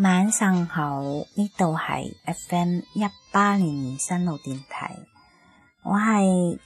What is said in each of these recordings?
晚上好，呢度係 F M 一八零二三路電台，我係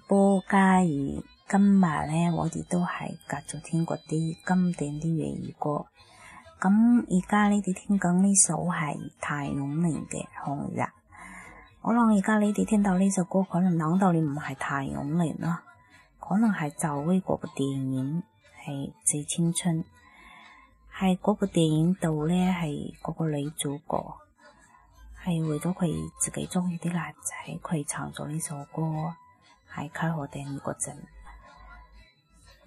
主播嘉怡，今日咧我哋都係繼續聽嗰啲經典啲粵語歌，咁而家你哋聽緊呢首係譚詠麟嘅《紅日》，我諗而家你哋聽到呢首歌，可能諗到你唔係譚詠麟咯，可能係就呢個部電影係《致青春》。係嗰、那個電影度咧，係嗰、那個女主角，係為咗佢自己中意啲男仔，佢唱咗呢首歌，喺開河第二個陣。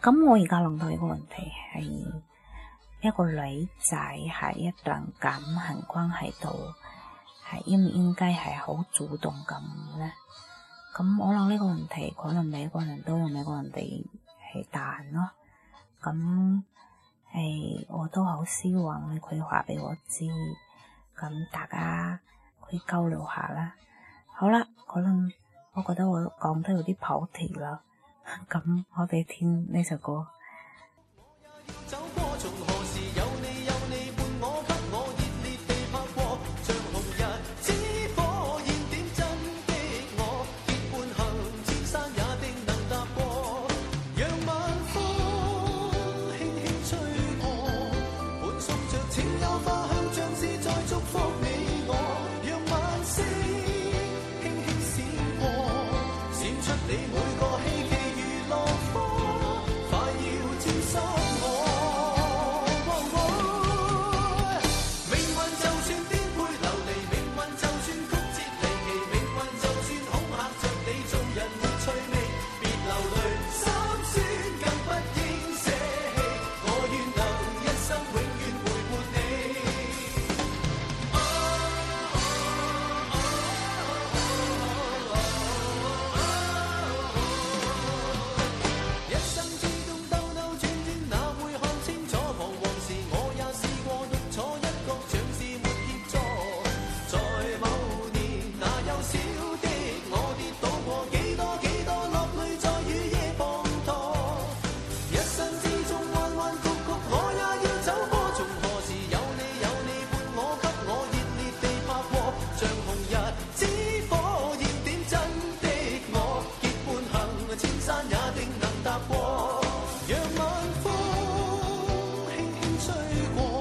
咁我而家諗到一個問題，係一個女仔喺一段感情關係度，係應唔應該係好主動咁咧？咁我諗呢個問題，可能每個人都有每個人哋係答案咯。咁。誒、哎，我都好希望佢話畀我知，咁大家可以交流下啦。好啦，可能我覺得我講得有啲跑題啦，咁我哋聽呢首歌。吹過。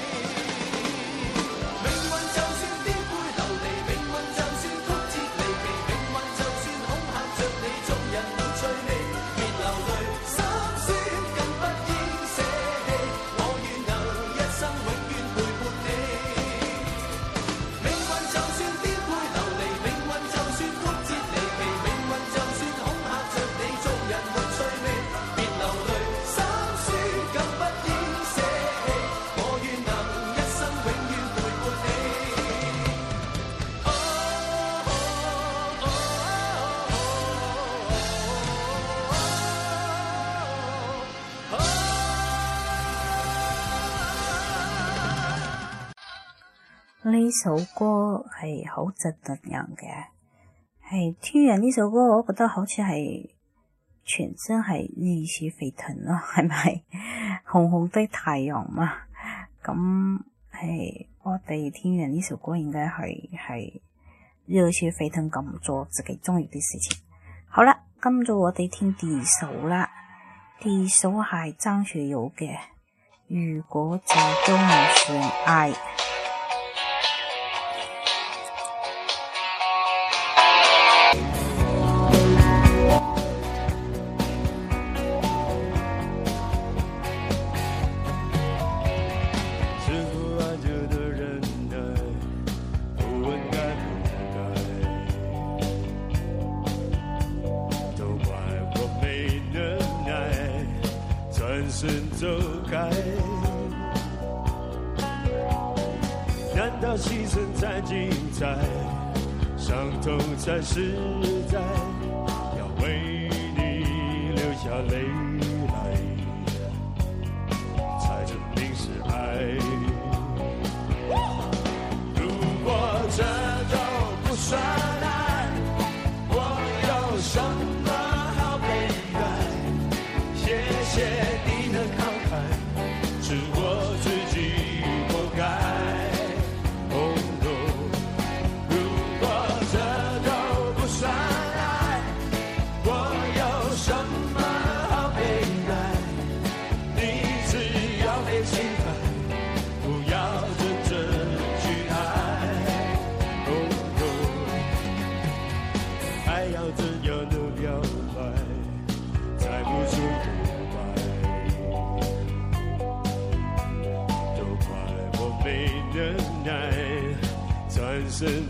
呢首歌係好值得人嘅，係聽完呢首歌，我覺得好似係全身係熱血沸騰咯，係咪？ 紅紅的太陽嘛，咁係我哋聽完呢首歌應該係係熱血沸騰咁做自己中意的事情。好啦，今早我哋聽第二首啦，第二首係張學友嘅《如果這都不算愛》。走開，難道犧牲才精彩？傷痛才實在？要為你流下淚？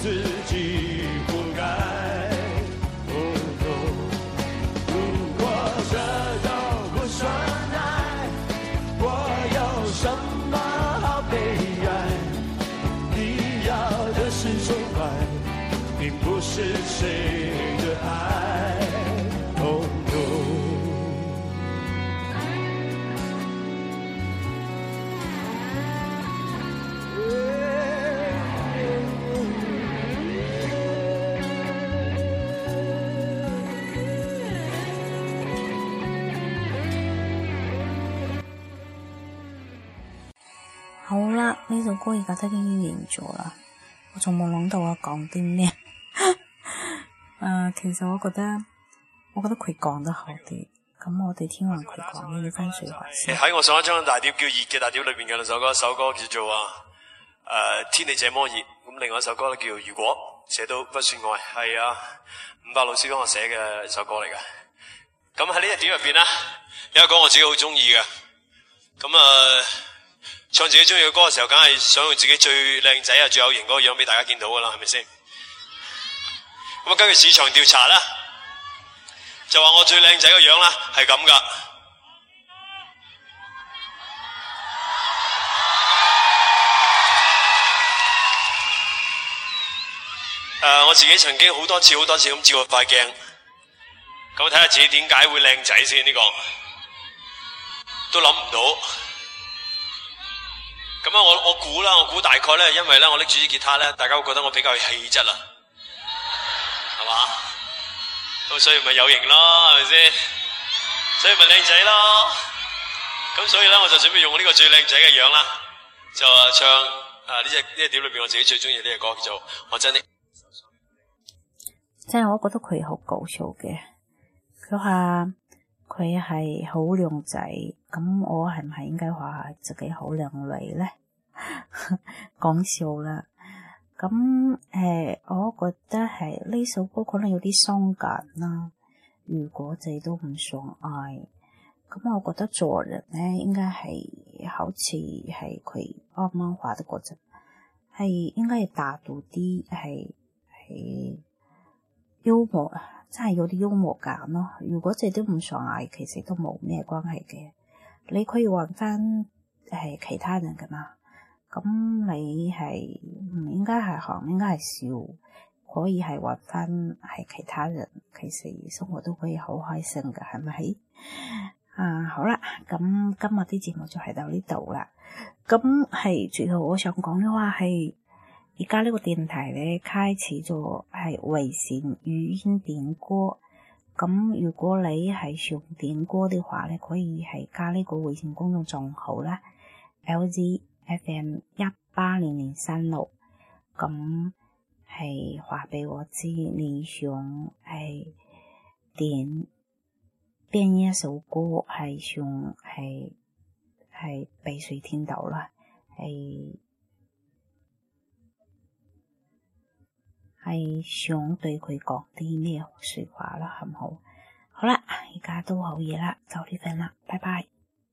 自己。呢首歌而家都已經完咗啦，我仲冇諗到我講啲咩。誒、 呃，其實我覺得，我覺得佢講得好啲。咁的、嗯、我哋聽完佢講，要分水還喺我上一張大碟叫《熱》嘅大碟裏邊嘅兩首歌，首歌呃、一首歌叫做啊，誒，天氣這麼熱。咁另外一首歌咧叫如果，寫到不算愛。係啊，伍佰老師幫我寫嘅一首歌嚟㗎。咁喺呢一碟入邊咧，有一首我自己好中意嘅。咁啊。呃唱自己中意嘅歌嘅時候，梗係想用自己最靚仔啊，最有型嗰個樣俾大家見到噶啦，係咪先？咁啊，根據市場調查啦，就話我最靚仔個樣啦，係咁噶。誒，我自己曾經好多次、好多次咁照過塊鏡，咁睇下自己點解會靚仔先，呢個，都諗唔到。咁啊，我我估啦，我估大概咧，因為咧，我拎住支吉他咧，大家會覺得我比較有氣質啦，係嘛 Yeah.？咁所以咪有型咯，係咪先？所以咪靚仔咯。咁所以咧，我就準備用呢個最靚仔嘅樣啦，就、啊、唱誒呢隻呢隻碟裏邊我自己最中意呢隻歌，叫做《我真的》真的。真係我覺得佢好搞笑嘅，佢話。佢係好靚仔，咁我係唔係應該話下自己好靚女咧？ 講笑啦，咁誒、呃，我覺得係呢首歌可能有啲傷感啦。如果仔都唔想嗌，咁我覺得做人咧應該係好似係佢啱啱話得嗰陣，係應該係大度啲，係係幽默。真係有啲幽默感咯。如果即都唔上眼，其實都冇咩關係嘅。你可以搵翻係其他人噶嘛。咁你係唔應該係行，能應該係笑，可以係搵翻係其他人，其實生活都可以好開心噶，係咪？啊，好啦，咁今日啲節目就係到呢度啦。咁係最後我想講嘅話係。而家呢個電台咧，開始咗係微信語音點歌，咁如果你係想點歌的話咧，可以係加呢個微信公眾賬號啦，LZFM 一八零零三六，咁係話俾我知你想係點邊一首歌，係想係係俾誰聽到啦，係。係想對佢講啲咩說話啦？好唔好？好啦，而家都好夜啦，早啲瞓啦，拜拜。